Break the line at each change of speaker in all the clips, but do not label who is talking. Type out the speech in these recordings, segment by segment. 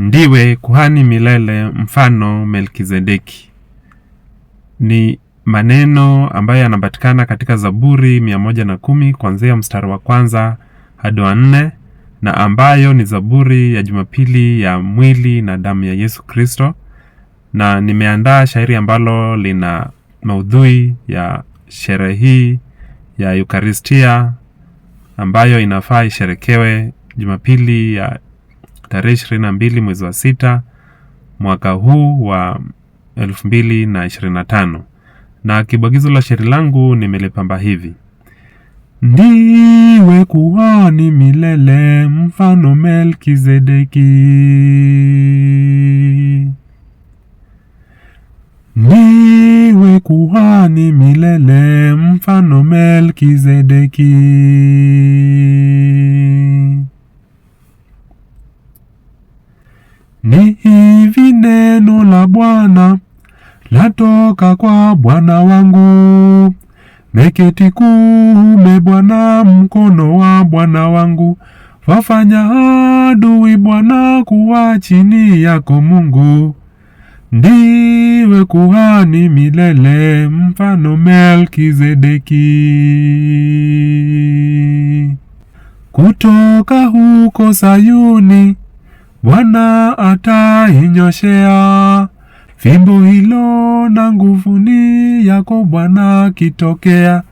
Ndiwe kuhani milele mfano Melkizedeki. Ni maneno ambayo yanapatikana katika Zaburi mia moja na kumi kuanzia mstari wa kwanza hadi wa nne na ambayo ni Zaburi ya Jumapili ya mwili na damu ya Yesu Kristo, na nimeandaa shairi ambalo lina maudhui ya sherehe hii ya Eukaristia ambayo inafaa isherekewe Jumapili ya tarehe 22 mwezi wa sita mwaka huu wa 2025 na kibwagizo la shairi langu nimelipamba hivi: Ndiwe kuhani milele, mfano Melkizedeki. Ndiwe kuhani milele, mfano Melkizedeki. Ni hivi neno la Bwana latoka kwa Bwana wangu. Meketi kuume Bwana, mkono wa Bwana wangu. Wafanya adui Bwana kuwa chini yako. Mungu ndiwe kuhani milele, mfano Melkizedeki. Kutoka huko Sayuni Bwana atainyoshea fimbo hilo, na nguvu ni yako Bwana kitokea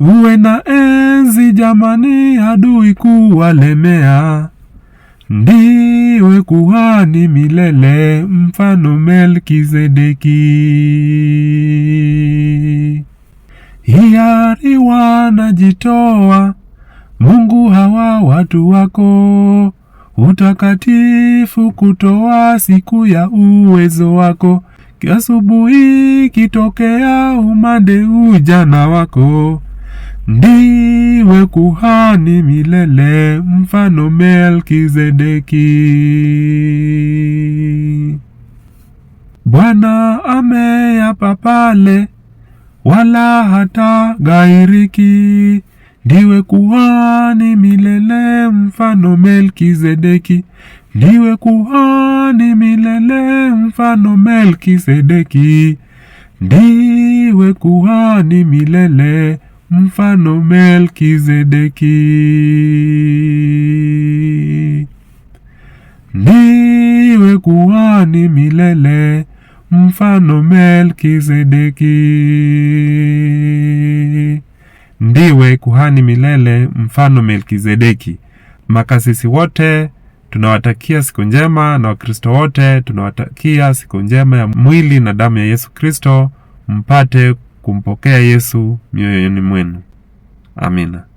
Uwe na enzi jamani, adui kuwalemea. Ndiwe kuhani milele, mfano Melkizedeki. Hiari wanajitoa, Mungu hawa watu wako utakatifu kutoa siku ya uwezo wako, kiasubuhi kitokea umande ujana wako. Ndiwe kuhani milele, mfano Melkizedeki. Bwana ameyapa pale, wala hata gairiki Ndiwe kuhani milele mfano Melkizedeki, ndiwe kuhani milele mfano Melkizedeki, ndiwe kuhani milele mfano Melkizedeki, ndiwe kuhani milele mfano Melkizedeki ndiwe kuhani milele, mfano Melkizedeki. Makasisi wote tunawatakia siku njema, na Wakristo wote tunawatakia siku njema ya mwili na damu ya Yesu Kristo, mpate kumpokea Yesu mioyoni mwenu. Amina.